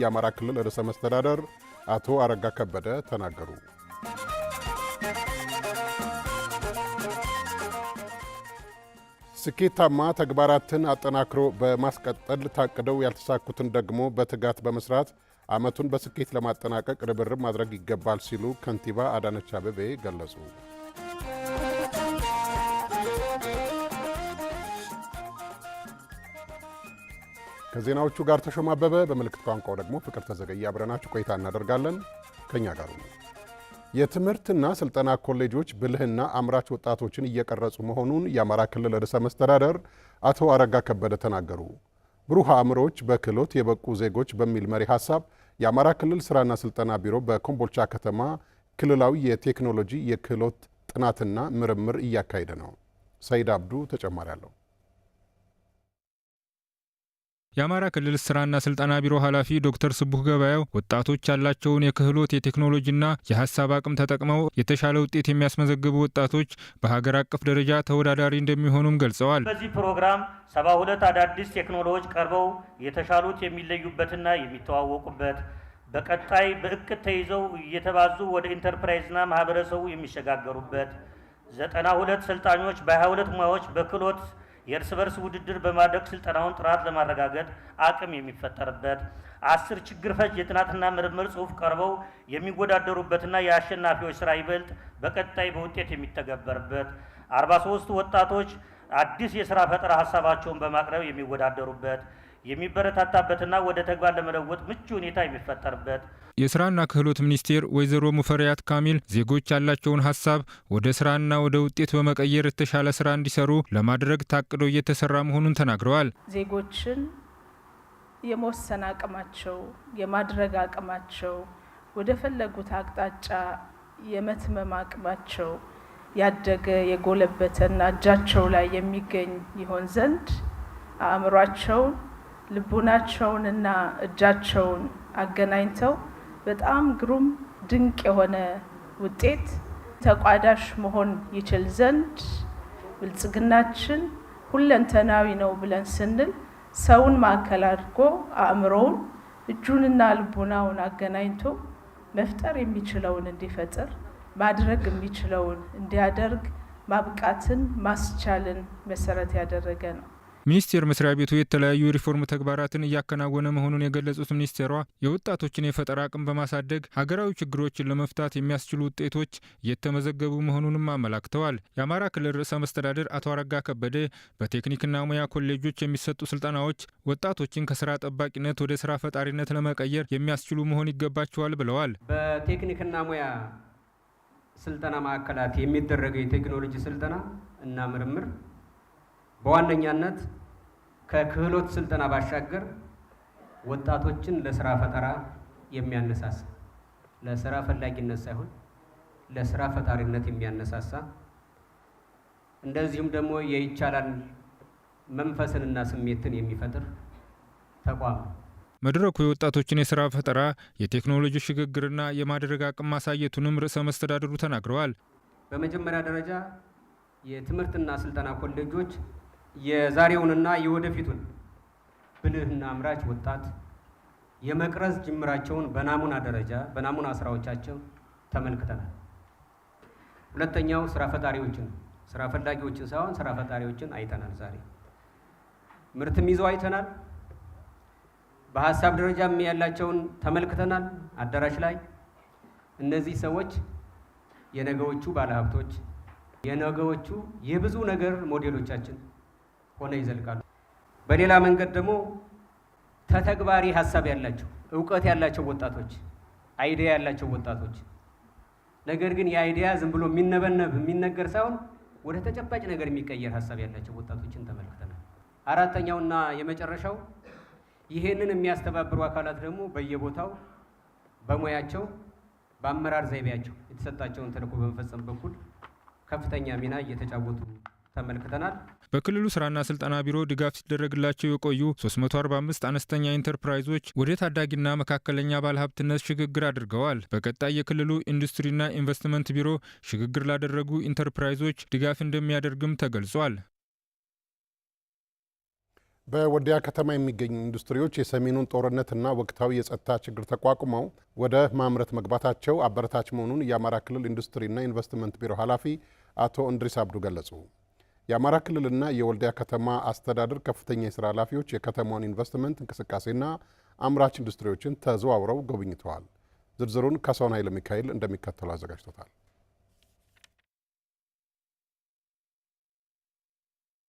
የአማራ ክልል ርዕሰ መስተዳደር አቶ አረጋ ከበደ ተናገሩ። ስኬታማ ተግባራትን አጠናክሮ በማስቀጠል ታቅደው ያልተሳኩትን ደግሞ በትጋት በመስራት ዓመቱን በስኬት ለማጠናቀቅ ርብርብ ማድረግ ይገባል ሲሉ ከንቲባ አዳነች አበቤ ገለጹ። ከዜናዎቹ ጋር ተሾማበበ አበበ፣ በምልክት ቋንቋው ደግሞ ፍቅር ተዘገየ። አብረናችሁ ቆይታ እናደርጋለን። ከእኛ ጋር ነው። የትምህርትና ስልጠና ኮሌጆች ብልህና አምራች ወጣቶችን እየቀረጹ መሆኑን የአማራ ክልል ርዕሰ መስተዳደር አቶ አረጋ ከበደ ተናገሩ። ብሩህ አእምሮዎች በክህሎት የበቁ ዜጎች በሚል መሪ ሀሳብ የአማራ ክልል ስራና ስልጠና ቢሮ በኮምቦልቻ ከተማ ክልላዊ የቴክኖሎጂ የክህሎት ጥናትና ምርምር እያካሄደ ነው። ሰይድ አብዱ ተጨማሪ አለው። የአማራ ክልል ስራና ስልጠና ቢሮ ኃላፊ ዶክተር ስቡህ ገበያው ወጣቶች ያላቸውን የክህሎት የቴክኖሎጂና የሀሳብ አቅም ተጠቅመው የተሻለ ውጤት የሚያስመዘግቡ ወጣቶች በሀገር አቀፍ ደረጃ ተወዳዳሪ እንደሚሆኑም ገልጸዋል። በዚህ ፕሮግራም ሰባ ሁለት አዳዲስ ቴክኖሎጂ ቀርበው የተሻሉት የሚለዩበትና የሚተዋወቁበት በቀጣይ በእቅድ ተይዘው እየተባዙ ወደ ኢንተርፕራይዝና ማህበረሰቡ የሚሸጋገሩበት ዘጠና ሁለት ሰልጣኞች በሀያ ሁለት ሙያዎች በክህሎት የእርስ በርስ ውድድር በማድረግ ስልጠናውን ጥራት ለማረጋገጥ አቅም የሚፈጠርበት፣ አስር ችግር ፈች የጥናትና ምርምር ጽሁፍ ቀርበው የሚወዳደሩበትና የአሸናፊዎች ስራ ይበልጥ በቀጣይ በውጤት የሚተገበርበት፣ አርባ ሶስት ወጣቶች አዲስ የስራ ፈጠራ ሀሳባቸውን በማቅረብ የሚወዳደሩበት፣ የሚበረታታበትና ወደ ተግባር ለመለወጥ ምቹ ሁኔታ የሚፈጠርበት የስራና ክህሎት ሚኒስቴር ወይዘሮ ሙፈሪያት ካሚል ዜጎች ያላቸውን ሀሳብ ወደ ስራና ወደ ውጤት በመቀየር የተሻለ ስራ እንዲሰሩ ለማድረግ ታቅዶ እየተሰራ መሆኑን ተናግረዋል። ዜጎችን የመወሰን አቅማቸው፣ የማድረግ አቅማቸው፣ ወደ ፈለጉት አቅጣጫ የመትመም አቅማቸው ያደገ የጎለበተና እጃቸው ላይ የሚገኝ ይሆን ዘንድ አእምሯቸውን ልቡናቸውንና እጃቸውን አገናኝተው በጣም ግሩም ድንቅ የሆነ ውጤት ተቋዳሽ መሆን ይችል ዘንድ ብልጽግናችን ሁለንተናዊ ነው ብለን ስንል ሰውን ማዕከል አድርጎ አእምሮውን እጁንና ልቡናውን አገናኝቶ መፍጠር የሚችለውን እንዲፈጥር ማድረግ የሚችለውን እንዲያደርግ ማብቃትን ማስቻልን መሰረት ያደረገ ነው። ሚኒስቴር መስሪያ ቤቱ የተለያዩ የሪፎርም ተግባራትን እያከናወነ መሆኑን የገለጹት ሚኒስቴሯ የወጣቶችን የፈጠራ አቅም በማሳደግ ሀገራዊ ችግሮችን ለመፍታት የሚያስችሉ ውጤቶች እየተመዘገቡ መሆኑንም አመላክተዋል። የአማራ ክልል ርዕሰ መስተዳደር አቶ አረጋ ከበደ በቴክኒክና ሙያ ኮሌጆች የሚሰጡ ስልጠናዎች ወጣቶችን ከስራ ጠባቂነት ወደ ስራ ፈጣሪነት ለመቀየር የሚያስችሉ መሆን ይገባቸዋል ብለዋል። በቴክኒክና ሙያ ስልጠና ማዕከላት የሚደረገው የቴክኖሎጂ ስልጠና እና ምርምር በዋነኛነት ከክህሎት ስልጠና ባሻገር ወጣቶችን ለስራ ፈጠራ የሚያነሳሳ ለስራ ፈላጊነት ሳይሆን ለስራ ፈጣሪነት የሚያነሳሳ እንደዚሁም ደግሞ የይቻላል መንፈስንና ስሜትን የሚፈጥር ተቋም ነው። መድረኩ የወጣቶችን የስራ ፈጠራ፣ የቴክኖሎጂ ሽግግርና የማድረግ አቅም ማሳየቱንም ርዕሰ መስተዳድሩ ተናግረዋል። በመጀመሪያ ደረጃ የትምህርትና ስልጠና ኮሌጆች የዛሬውንና የወደፊቱን ብልህና አምራች ወጣት የመቅረጽ ጅምራቸውን በናሙና ደረጃ በናሙና ስራዎቻቸው ተመልክተናል። ሁለተኛው ስራ ፈጣሪዎችን ስራ ፈላጊዎችን ሳይሆን ስራ ፈጣሪዎችን አይተናል። ዛሬ ምርትም ይዘው አይተናል። በሀሳብ ደረጃም ያላቸውን ተመልክተናል። አዳራሽ ላይ እነዚህ ሰዎች የነገዎቹ ባለሀብቶች፣ የነገዎቹ የብዙ ነገር ሞዴሎቻችን ሆነ ይዘልቃሉ። በሌላ መንገድ ደግሞ ተተግባሪ ሀሳብ ያላቸው እውቀት ያላቸው ወጣቶች፣ አይዲያ ያላቸው ወጣቶች ነገር ግን የአይዲያ ዝም ብሎ የሚነበነብ የሚነገር ሳይሆን ወደ ተጨባጭ ነገር የሚቀየር ሀሳብ ያላቸው ወጣቶችን ተመልክተናል። አራተኛውና የመጨረሻው ይሄንን የሚያስተባብሩ አካላት ደግሞ በየቦታው በሙያቸው በአመራር ዘይቤያቸው የተሰጣቸውን ተልኮ በመፈጸም በኩል ከፍተኛ ሚና እየተጫወቱ ተመልክተናል። በክልሉ ስራና ስልጠና ቢሮ ድጋፍ ሲደረግላቸው የቆዩ 345 አነስተኛ ኢንተርፕራይዞች ወደ ታዳጊና መካከለኛ ባለሀብትነት ሽግግር አድርገዋል። በቀጣይ የክልሉ ኢንዱስትሪና ኢንቨስትመንት ቢሮ ሽግግር ላደረጉ ኢንተርፕራይዞች ድጋፍ እንደሚያደርግም ተገልጿል። በወልዲያ ከተማ የሚገኙ ኢንዱስትሪዎች የሰሜኑን ጦርነትና ወቅታዊ የጸጥታ ችግር ተቋቁመው ወደ ማምረት መግባታቸው አበረታች መሆኑን የአማራ ክልል ኢንዱስትሪና ኢንቨስትመንት ቢሮ ኃላፊ አቶ እንድሪስ አብዱ ገለጹ። የአማራ ክልልና የወልዲያ ከተማ አስተዳደር ከፍተኛ የስራ ኃላፊዎች የከተማውን ኢንቨስትመንት እንቅስቃሴና አምራች ኢንዱስትሪዎችን ተዘዋውረው ጎብኝተዋል። ዝርዝሩን ከሰውን ኃይለ ሚካኤል እንደሚከተሉ አዘጋጅቶታል።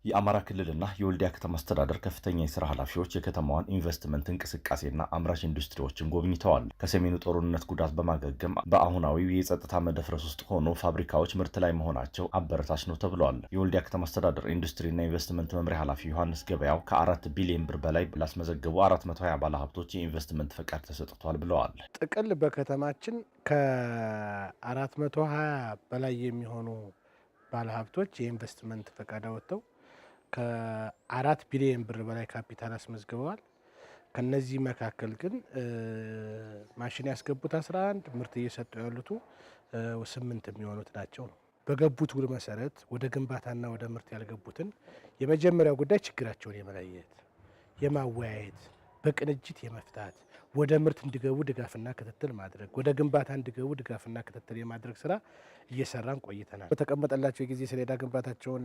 የአማራ ክልልና የወልዲያ ከተማ አስተዳደር ከፍተኛ የስራ ኃላፊዎች የከተማዋን ኢንቨስትመንት እንቅስቃሴና አምራች ኢንዱስትሪዎችን ጎብኝተዋል። ከሰሜኑ ጦርነት ጉዳት በማገገም በአሁናዊው የጸጥታ መደፍረስ ውስጥ ሆኖ ፋብሪካዎች ምርት ላይ መሆናቸው አበረታች ነው ተብሏል። የወልዲያ ከተማ አስተዳደር ኢንዱስትሪና ኢንቨስትመንት መምሪያ ኃላፊ ዮሐንስ ገበያው ከአራት ቢሊዮን ብር በላይ ላስመዘገቡ 420 ባለሀብቶች የኢንቨስትመንት ፈቃድ ተሰጥቷል ብለዋል። ጥቅል በከተማችን ከ420 በላይ የሚሆኑ ባለሀብቶች የኢንቨስትመንት ፈቃድ አወጥተው ከአራት ቢሊዮን ብር በላይ ካፒታል አስመዝግበዋል። ከነዚህ መካከል ግን ማሽን ያስገቡት 11 ምርት እየሰጡ ያሉቱ ስምንት የሚሆኑት ናቸው ነው። በገቡት ውል መሰረት ወደ ግንባታና ወደ ምርት ያልገቡትን የመጀመሪያው ጉዳይ ችግራቸውን የመለየት የማወያየት በቅንጅት የመፍታት ወደ ምርት እንዲገቡ ድጋፍና ክትትል ማድረግ፣ ወደ ግንባታ እንዲገቡ ድጋፍና ክትትል የማድረግ ስራ እየሰራን ቆይተናል። በተቀመጠላቸው የጊዜ ሰሌዳ ግንባታቸውን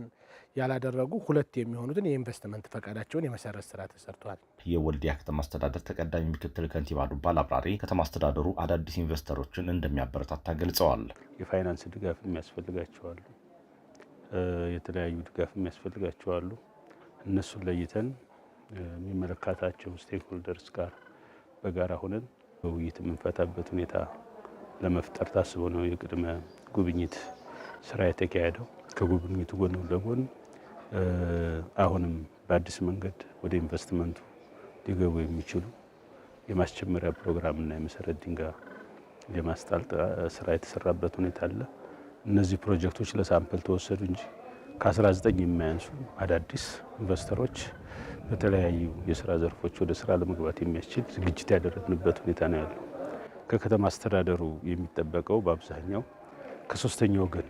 ያላደረጉ ሁለት የሚሆኑትን የኢንቨስትመንት ፈቃዳቸውን የመሰረት ስራ ተሰርቷል። የወልዲያ ከተማ አስተዳደር ተቀዳሚ ምክትል ከንቲባ ዱባል አብራሪ ከተማ አስተዳደሩ አዳዲስ ኢንቨስተሮችን እንደሚያበረታታ ገልጸዋል። የፋይናንስ ድጋፍ የሚያስፈልጋቸዋሉ፣ የተለያዩ ድጋፍ የሚያስፈልጋቸዋሉ። እነሱን ለይተን የሚመለከታቸው ስቴክሆልደርስ ጋር በጋራ ሆነን በውይይት የምንፈታበት ሁኔታ ለመፍጠር ታስቦ ነው የቅድመ ጉብኝት ስራ የተካሄደው። ከጉብኝቱ ጎን ለጎን አሁንም በአዲስ መንገድ ወደ ኢንቨስትመንቱ ሊገቡ የሚችሉ የማስጀመሪያ ፕሮግራምና የመሰረት ድንጋይ የማስጣል ስራ የተሰራበት ሁኔታ አለ። እነዚህ ፕሮጀክቶች ለሳምፕል ተወሰዱ እንጂ ከ19 የማያንሱ አዳዲስ ኢንቨስተሮች በተለያዩ የስራ ዘርፎች ወደ ስራ ለመግባት የሚያስችል ዝግጅት ያደረግንበት ሁኔታ ነው ያለው። ከከተማ አስተዳደሩ የሚጠበቀው በአብዛኛው ከሶስተኛ ወገን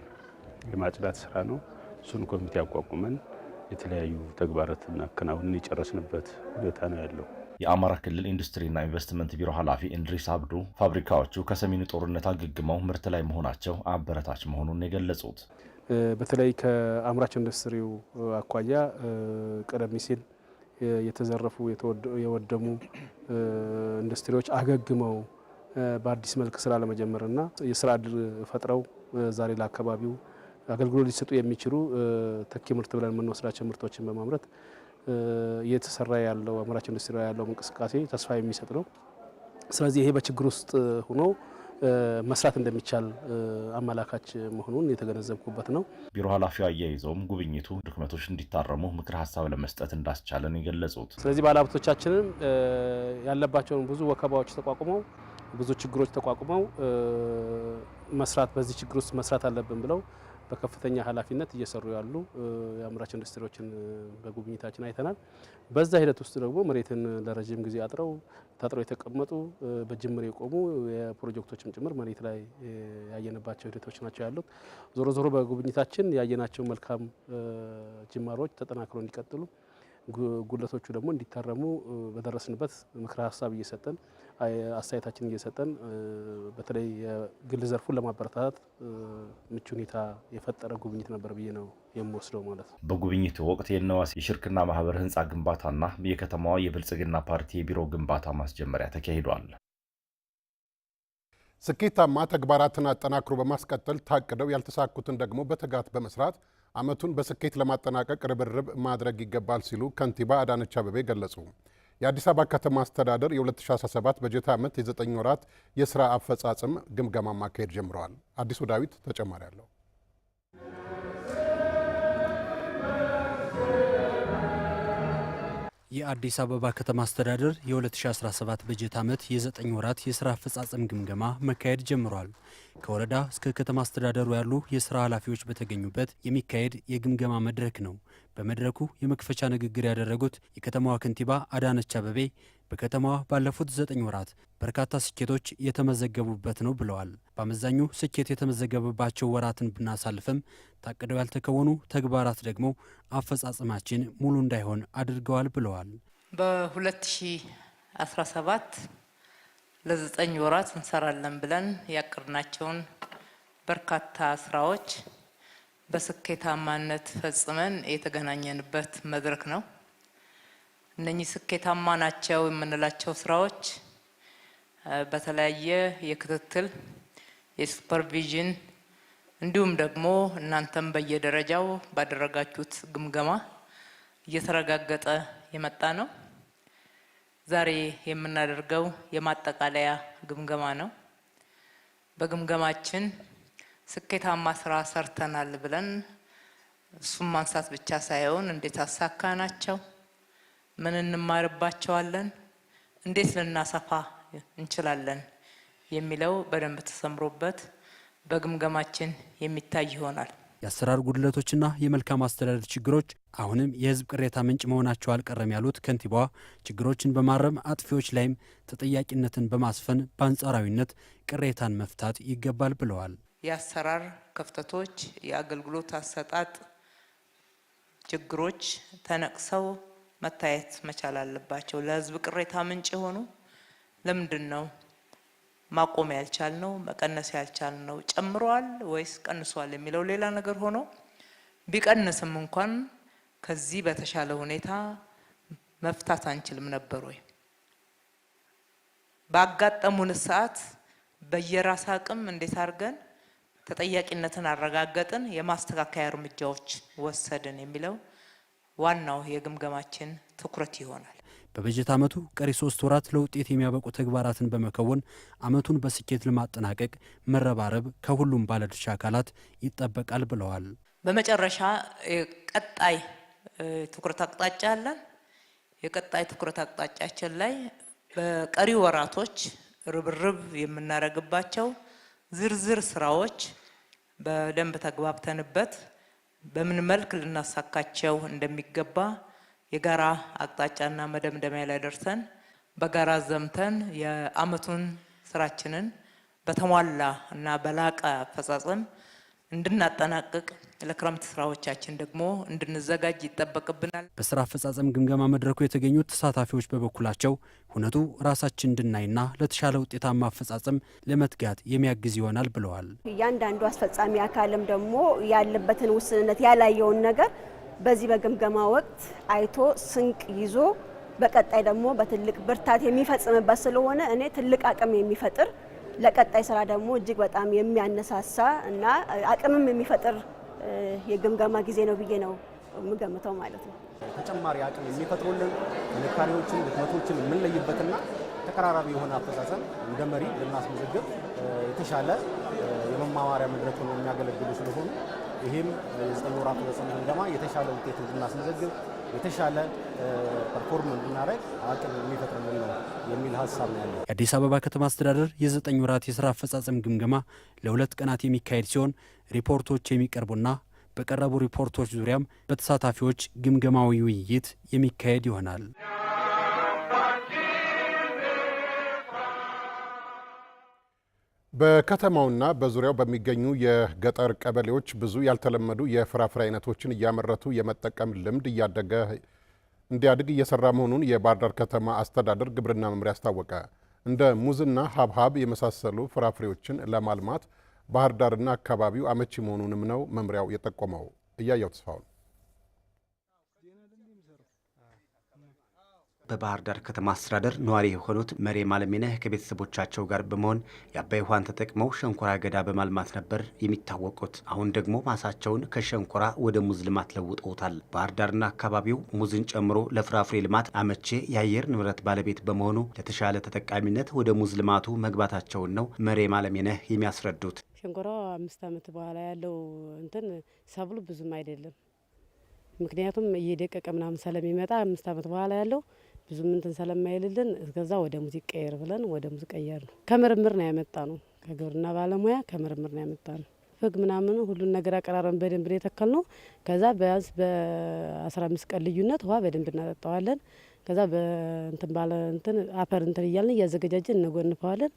የማጽዳት ስራ ነው። እሱን ኮሚቴ አቋቁመን የተለያዩ ተግባራትን አከናውንን የጨረስንበት ሁኔታ ነው ያለው። የአማራ ክልል ኢንዱስትሪና ኢንቨስትመንት ቢሮ ኃላፊ እንድሪስ አብዱ ፋብሪካዎቹ ከሰሜኑ ጦርነት አገግመው ምርት ላይ መሆናቸው አበረታች መሆኑን የገለጹት በተለይ ከአምራች ኢንዱስትሪው አኳያ ቀደም ሲል የተዘረፉ የወደሙ ኢንዱስትሪዎች አገግመው በአዲስ መልክ ስራ ለመጀመርና የስራ እድል ፈጥረው ዛሬ ለአካባቢው አገልግሎት ሊሰጡ የሚችሉ ተኪ ምርት ብለን የምንወስዳቸው ምርቶችን በማምረት እየተሰራ ያለው አምራች ኢንዱስትሪ ያለው እንቅስቃሴ ተስፋ የሚሰጥ ነው። ስለዚህ ይሄ በችግር ውስጥ ሆኖ መስራት እንደሚቻል አመላካች መሆኑን የተገነዘብኩበት ነው። ቢሮ ኃላፊው አያይዘውም ጉብኝቱ ድክመቶች እንዲታረሙ ምክር ሀሳብ ለመስጠት እንዳስቻለን የገለጹት። ስለዚህ ባለሀብቶቻችንም ያለባቸውን ብዙ ወከባዎች ተቋቁመው ብዙ ችግሮች ተቋቁመው መስራት በዚህ ችግር ውስጥ መስራት አለብን ብለው በከፍተኛ ኃላፊነት እየሰሩ ያሉ የአምራች ኢንዱስትሪዎችን በጉብኝታችን አይተናል። በዛ ሂደት ውስጥ ደግሞ መሬትን ለረዥም ጊዜ አጥረው ታጥረው የተቀመጡ በጅምር የቆሙ የፕሮጀክቶችም ጭምር መሬት ላይ ያየንባቸው ሂደቶች ናቸው ያሉት። ዞሮ ዞሮ በጉብኝታችን ያየናቸው መልካም ጅማሮች ተጠናክሮ እንዲቀጥሉ፣ ጉለቶቹ ደግሞ እንዲታረሙ በደረስንበት ምክረ ሀሳብ እየሰጠን አስተያየታችን እየሰጠን በተለይ የግል ዘርፉን ለማበረታታት ምቹ ሁኔታ የፈጠረ ጉብኝት ነበር ብዬ ነው የምወስደው ማለት ነው። በጉብኝቱ ወቅት የነዋስ የሽርክና ማህበር ህንፃ ግንባታና የከተማዋ የብልጽግና ፓርቲ የቢሮ ግንባታ ማስጀመሪያ ተካሂዷል። ስኬታማ ተግባራትን አጠናክሮ በማስቀጠል ታቅደው ያልተሳኩትን ደግሞ በትጋት በመስራት አመቱን በስኬት ለማጠናቀቅ ርብርብ ማድረግ ይገባል ሲሉ ከንቲባ አዳነች አበቤ ገለጹ። የአዲስ አበባ ከተማ አስተዳደር የ2017 በጀት ዓመት የ9 ወራት የሥራ አፈጻጽም ግምገማ ማካሄድ ጀምረዋል። አዲሱ ዳዊት ተጨማሪ አለው። የአዲስ አበባ ከተማ አስተዳደር የ2017 በጀት ዓመት የዘጠኝ ወራት የስራ አፈጻጸም ግምገማ መካሄድ ጀምሯል። ከወረዳ እስከ ከተማ አስተዳደሩ ያሉ የስራ ኃላፊዎች በተገኙበት የሚካሄድ የግምገማ መድረክ ነው። በመድረኩ የመክፈቻ ንግግር ያደረጉት የከተማዋ ከንቲባ አዳነች አበቤ በከተማዋ ባለፉት ዘጠኝ ወራት በርካታ ስኬቶች የተመዘገቡበት ነው ብለዋል። በአመዛኙ ስኬት የተመዘገበባቸው ወራትን ብናሳልፍም ታቅደው ያልተከወኑ ተግባራት ደግሞ አፈጻጸማችን ሙሉ እንዳይሆን አድርገዋል ብለዋል። በ2017 ለዘጠኝ ወራት እንሰራለን ብለን ያቅድናቸውን በርካታ ስራዎች በስኬታማነት ፈጽመን የተገናኘንበት መድረክ ነው። እነኚህ ስኬታማ ናቸው የምንላቸው ስራዎች በተለያየ የክትትል የሱፐርቪዥን እንዲሁም ደግሞ እናንተም በየደረጃው ባደረጋችሁት ግምገማ እየተረጋገጠ የመጣ ነው። ዛሬ የምናደርገው የማጠቃለያ ግምገማ ነው። በግምገማችን ስኬታማ ስራ ሰርተናል ብለን እሱም ማንሳት ብቻ ሳይሆን እንዴት አሳካ ናቸው ምን እንማርባቸዋለን፣ እንዴት ልናሰፋ እንችላለን የሚለው በደንብ ተሰምሮበት በግምገማችን የሚታይ ይሆናል። የአሰራር ጉድለቶችና የመልካም አስተዳደር ችግሮች አሁንም የህዝብ ቅሬታ ምንጭ መሆናቸው አልቀረም ያሉት ከንቲባዋ ችግሮችን በማረም አጥፊዎች ላይም ተጠያቂነትን በማስፈን በአንጻራዊነት ቅሬታን መፍታት ይገባል ብለዋል። የአሰራር ክፍተቶች፣ የአገልግሎት አሰጣጥ ችግሮች ተነቅሰው መታየት መቻል አለባቸው። ለህዝብ ቅሬታ ምንጭ የሆኑ ለምንድን ነው ማቆም ያልቻል ነው መቀነስ ያልቻል ነው ጨምሯል ወይስ ቀንሷል የሚለው ሌላ ነገር ሆኖ ቢቀንስም እንኳን ከዚህ በተሻለ ሁኔታ መፍታት አንችልም ነበር ወይ? ባጋጠሙን ሰዓት በየራስ አቅም እንዴት አድርገን ተጠያቂነትን አረጋገጥን፣ የማስተካከያ እርምጃዎች ወሰድን የሚለው ዋናው የግምገማችን ትኩረት ይሆናል። በበጀት ዓመቱ ቀሪ ሶስት ወራት ለውጤት የሚያበቁ ተግባራትን በመከወን ዓመቱን በስኬት ለማጠናቀቅ መረባረብ ከሁሉም ባለድርሻ አካላት ይጠበቃል ብለዋል። በመጨረሻ ቀጣይ ትኩረት አቅጣጫ አለን። የቀጣይ ትኩረት አቅጣጫችን ላይ በቀሪ ወራቶች ርብርብ የምናደርግባቸው ዝርዝር ስራዎች በደንብ ተግባብተንበት በምን መልክ ልናሳካቸው እንደሚገባ የጋራ አቅጣጫና መደምደሚያ ላይ ደርሰን በጋራ ዘምተን የአመቱን ስራችንን በተሟላ እና በላቀ አፈጻጸም እንድናጠናቅቅ ለክረምት ስራዎቻችን ደግሞ እንድንዘጋጅ ይጠበቅብናል። በስራ አፈጻጸም ግምገማ መድረኩ የተገኙት ተሳታፊዎች በበኩላቸው ሁነቱ ራሳችን እንድናይና ለተሻለ ውጤታማ አፈጻጸም ለመትጋት የሚያግዝ ይሆናል ብለዋል። እያንዳንዱ አስፈጻሚ አካልም ደግሞ ያለበትን ውስንነት ያላየውን ነገር በዚህ በግምገማ ወቅት አይቶ ስንቅ ይዞ በቀጣይ ደግሞ በትልቅ ብርታት የሚፈጽምበት ስለሆነ እኔ ትልቅ አቅም የሚፈጥር ለቀጣይ ስራ ደግሞ እጅግ በጣም የሚያነሳሳ እና አቅምም የሚፈጥር የግምገማ ጊዜ ነው ብዬ ነው የምገምተው ማለት ነው። ተጨማሪ አቅም የሚፈጥሩልን ጥንካሬዎችን፣ ድክመቶችን የምንለይበትና ተቀራራቢ የሆነ አፈጻጸም እንደ መሪ ልናስመዘግብ የተሻለ የመማማሪያ መድረክ ሆኖ የሚያገለግሉ ስለሆኑ ይህም የዘጠኝ ወር አፈጻጸም ግምገማ የተሻለ ውጤት እንድናስመዘግብ የተሻለ ፐርፎርም እንድናደረግ አቅም የሚፈጥርልን ነው የሚል ሀሳብ ነው ያለው። የአዲስ አበባ ከተማ አስተዳደር የዘጠኝ ወራት የስራ አፈጻጸም ግምገማ ለሁለት ቀናት የሚካሄድ ሲሆን ሪፖርቶች የሚቀርቡና በቀረቡ ሪፖርቶች ዙሪያም በተሳታፊዎች ግምገማዊ ውይይት የሚካሄድ ይሆናል። በከተማውና በዙሪያው በሚገኙ የገጠር ቀበሌዎች ብዙ ያልተለመዱ የፍራፍሬ አይነቶችን እያመረቱ የመጠቀም ልምድ እያደገ እንዲያድግ እየሰራ መሆኑን የባህርዳር ዳር ከተማ አስተዳደር ግብርና መምሪያ አስታወቀ። እንደ ሙዝና ሀብሀብ የመሳሰሉ ፍራፍሬዎችን ለማልማት ባሕር ዳርና አካባቢው አመቺ መሆኑንም ነው መምሪያው የጠቆመው። እያየው ተስፋውን በባህር ዳር ከተማ አስተዳደር ነዋሪ የሆኑት መሬ ማለሜነህ ከቤተሰቦቻቸው ጋር በመሆን የአባይ ውሃን ተጠቅመው ሸንኮራ አገዳ በማልማት ነበር የሚታወቁት። አሁን ደግሞ ማሳቸውን ከሸንኮራ ወደ ሙዝ ልማት ለውጠውታል። ባህር ዳርና አካባቢው ሙዝን ጨምሮ ለፍራፍሬ ልማት አመቼ የአየር ንብረት ባለቤት በመሆኑ ለተሻለ ተጠቃሚነት ወደ ሙዝ ልማቱ መግባታቸውን ነው መሬ ማለሜነህ የሚያስረዱት። ሸንኮራ አምስት ዓመት በኋላ ያለው እንትን ሰብሉ ብዙም አይደለም። ምክንያቱም እየደቀቀ ምናምን ስለሚመጣ አምስት ዓመት በኋላ ያለው ብዙም እንትን ስለማይልልን እስከዛ ወደ ሙዚቃ ቀየር ብለን ወደ ሙዚቃ ቀየር ነው። ከምርምር ነው ያመጣ ነው። ከግብርና ባለሙያ ከምርምር ነው ያመጣ ነው። ፍግ ምናምን ሁሉን ነገር አቀራረብን በደንብ ነው የተከል ነው። ከዛ ቢያንስ በአስራ አምስት ቀን ልዩነት ውሃ በደንብ እናጠጣዋለን። ከዛ በእንትን ባለ እንትን አፈር እንትን እያልን እያዘገጃጀን እንጎንፈዋለን።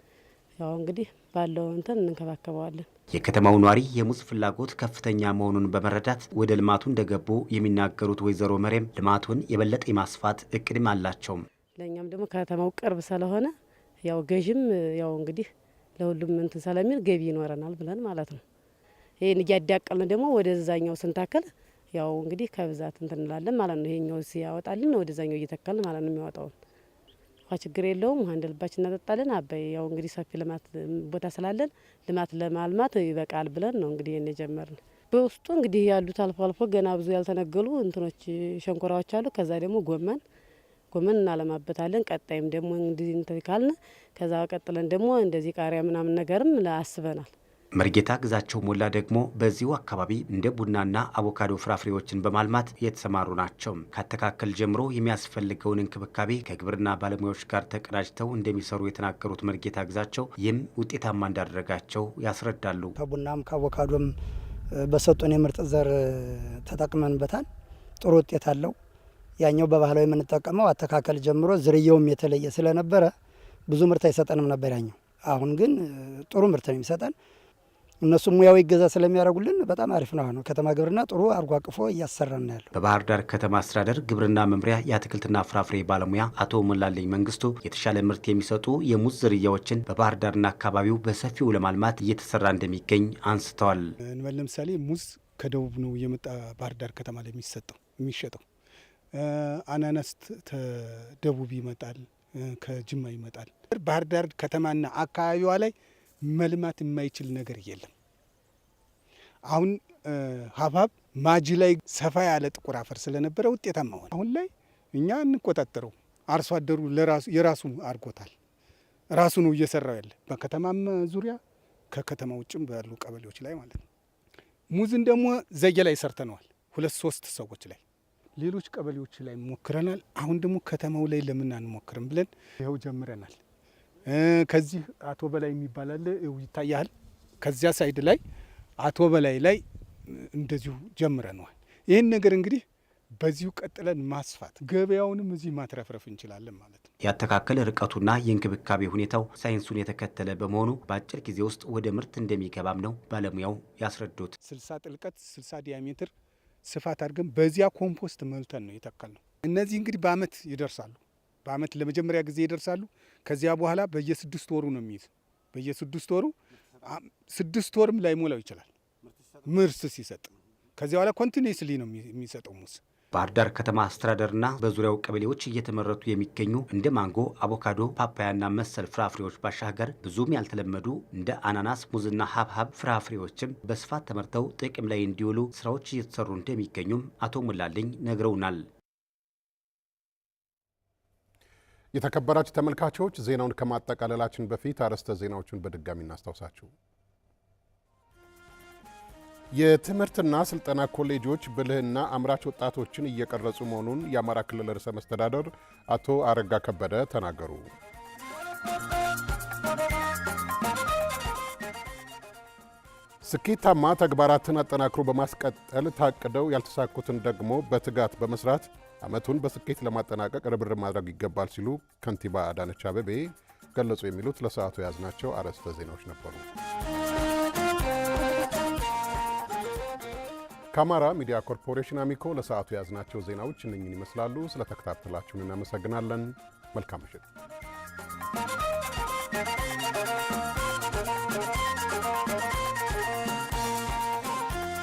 ያው እንግዲህ ባለው እንትን እንንከባከበዋለን። የከተማው ኗሪ የሙዝ ፍላጎት ከፍተኛ መሆኑን በመረዳት ወደ ልማቱ እንደገቡ የሚናገሩት ወይዘሮ መሬም ልማቱን የበለጠ የማስፋት እቅድም አላቸውም። ለእኛም ደግሞ ከተማው ቅርብ ስለሆነ ያው ገዥም ያው እንግዲህ ለሁሉም እንትን ስለሚል ገቢ ይኖረናል ብለን ማለት ነው። ይህን እያዳቀልን ደግሞ ወደዛኛው ስንታከል ያው እንግዲህ ከብዛት እንትንላለን ማለት ነው። ይሄኛው ሲያወጣልን ወደዛኛው እየተከልን ማለት ነው የሚያወጣውን ውሃ ችግር የለውም። ውሃ እንደ ልባችን እናጠጣለን። አባይ ያው እንግዲህ ሰፊ ልማት ቦታ ስላለን ልማት ለማልማት ይበቃል ብለን ነው እንግዲህ ይህን የጀመርን። በውስጡ እንግዲህ ያሉት አልፎ አልፎ ገና ብዙ ያልተነገሉ እንትኖች ሸንኮራዎች አሉ። ከዛ ደግሞ ጎመን ጎመን እናለማበታለን። ቀጣይም ደግሞ እንዲህ ካልን ከዛ ቀጥለን ደግሞ እንደዚህ ቃሪያ ምናምን ነገርም አስበናል። መርጌታ ግዛቸው ሞላ ደግሞ በዚሁ አካባቢ እንደ ቡናና አቮካዶ ፍራፍሬዎችን በማልማት የተሰማሩ ናቸው። ካተካከል ጀምሮ የሚያስፈልገውን እንክብካቤ ከግብርና ባለሙያዎች ጋር ተቀናጅተው እንደሚሰሩ የተናገሩት መርጌታ ግዛቸው ይህም ውጤታማ እንዳደረጋቸው ያስረዳሉ። ከቡናም ከአቮካዶም በሰጡን የምርጥ ዘር ተጠቅመንበታል። ጥሩ ውጤት አለው። ያኛው በባህላዊ የምንጠቀመው አተካከል ጀምሮ ዝርያውም የተለየ ስለነበረ ብዙ ምርት አይሰጠንም ነበር ያኛው። አሁን ግን ጥሩ ምርት ነው የሚሰጠን እነሱም ሙያዊ እገዛ ስለሚያደርጉልን በጣም አሪፍ ነው። ነው ከተማ ግብርና ጥሩ አርጎ አቅፎ እያሰራን ነው ያለው። በባህር ዳር ከተማ አስተዳደር ግብርና መምሪያ የአትክልትና ፍራፍሬ ባለሙያ አቶ ሞላለኝ መንግስቱ የተሻለ ምርት የሚሰጡ የሙዝ ዝርያዎችን በባህር ዳርና አካባቢው በሰፊው ለማልማት እየተሰራ እንደሚገኝ አንስተዋል። እንበል ለምሳሌ ሙዝ ከደቡብ ነው የመጣ ባህር ዳር ከተማ ላይ የሚሰጠው የሚሸጠው። አናናስ ከደቡብ ይመጣል፣ ከጅማ ይመጣል። ባህር ዳር ከተማና አካባቢዋ ላይ መልማት የማይችል ነገር የለም። አሁን ሀብሀብ ማጂ ላይ ሰፋ ያለ ጥቁር አፈር ስለነበረ ውጤታማ ሆነ። አሁን ላይ እኛ እንቆጣጠረው፣ አርሶ አደሩ የራሱ አድርጎታል። ራሱ ነው እየሰራው ያለ በከተማም ዙሪያ ከከተማ ውጭም ባሉ ቀበሌዎች ላይ ማለት ነው። ሙዝን ደግሞ ዘጌ ላይ ሰርተነዋል፣ ሁለት ሶስት ሰዎች ላይ ሌሎች ቀበሌዎች ላይ ሞክረናል። አሁን ደግሞ ከተማው ላይ ለምን አንሞክርም ብለን ይኸው ጀምረናል። ከዚህ አቶ በላይ የሚባል አለ ይታያል። ከዚያ ሳይድ ላይ አቶ በላይ ላይ እንደዚሁ ጀምረነዋል። ይህን ነገር እንግዲህ በዚሁ ቀጥለን ማስፋት ገበያውንም እዚህ ማትረፍረፍ እንችላለን ማለት ነው። ያተካከለ ርቀቱና የእንክብካቤ ሁኔታው ሳይንሱን የተከተለ በመሆኑ በአጭር ጊዜ ውስጥ ወደ ምርት እንደሚገባም ነው ባለሙያው ያስረዱት። ስልሳ ጥልቀት ስልሳ ዲያሜትር ስፋት አድርገን በዚያ ኮምፖስት መልተን ነው የተከል ነው። እነዚህ እንግዲህ በአመት ይደርሳሉ። በአመት ለመጀመሪያ ጊዜ ይደርሳሉ። ከዚያ በኋላ በየስድስት ወሩ ነው የሚይዝ። በየስድስት ወሩ ስድስት ወርም ላይሞላው ይችላል ምርት ሲሰጥ። ከዚያ በኋላ ኮንቲኒስሊ ነው የሚሰጠው ሙዝ። ባህር ዳር ከተማ አስተዳደርና በዙሪያው ቀበሌዎች እየተመረቱ የሚገኙ እንደ ማንጎ፣ አቮካዶ፣ ፓፓያና መሰል ፍራፍሬዎች ባሻገር ብዙም ያልተለመዱ እንደ አናናስ፣ ሙዝና ሀብሀብ ፍራፍሬዎችም በስፋት ተመርተው ጥቅም ላይ እንዲውሉ ስራዎች እየተሰሩ እንደሚገኙም አቶ ሙላልኝ ነግረውናል። የተከበራችሁ ተመልካቾች ዜናውን ከማጠቃለላችን በፊት አርዕስተ ዜናዎቹን በድጋሚ እናስታውሳችሁ። የትምህርትና ስልጠና ኮሌጆች ብልህና አምራች ወጣቶችን እየቀረጹ መሆኑን የአማራ ክልል ርዕሰ መስተዳደር አቶ አረጋ ከበደ ተናገሩ። ስኬታማ ተግባራትን አጠናክሮ በማስቀጠል ታቅደው ያልተሳኩትን ደግሞ በትጋት በመስራት ዓመቱን በስኬት ለማጠናቀቅ ርብርብ ማድረግ ይገባል ሲሉ ከንቲባ አዳነች አበቤ ገለጹ። የሚሉት ለሰዓቱ የያዝናቸው አርዕስተ ዜናዎች ነበሩ። ከአማራ ሚዲያ ኮርፖሬሽን አሚኮ ለሰዓቱ የያዝናቸው ዜናዎች እነኝን ይመስላሉ። ስለተከታተላችሁን እናመሰግናለን። መልካም ምሽት።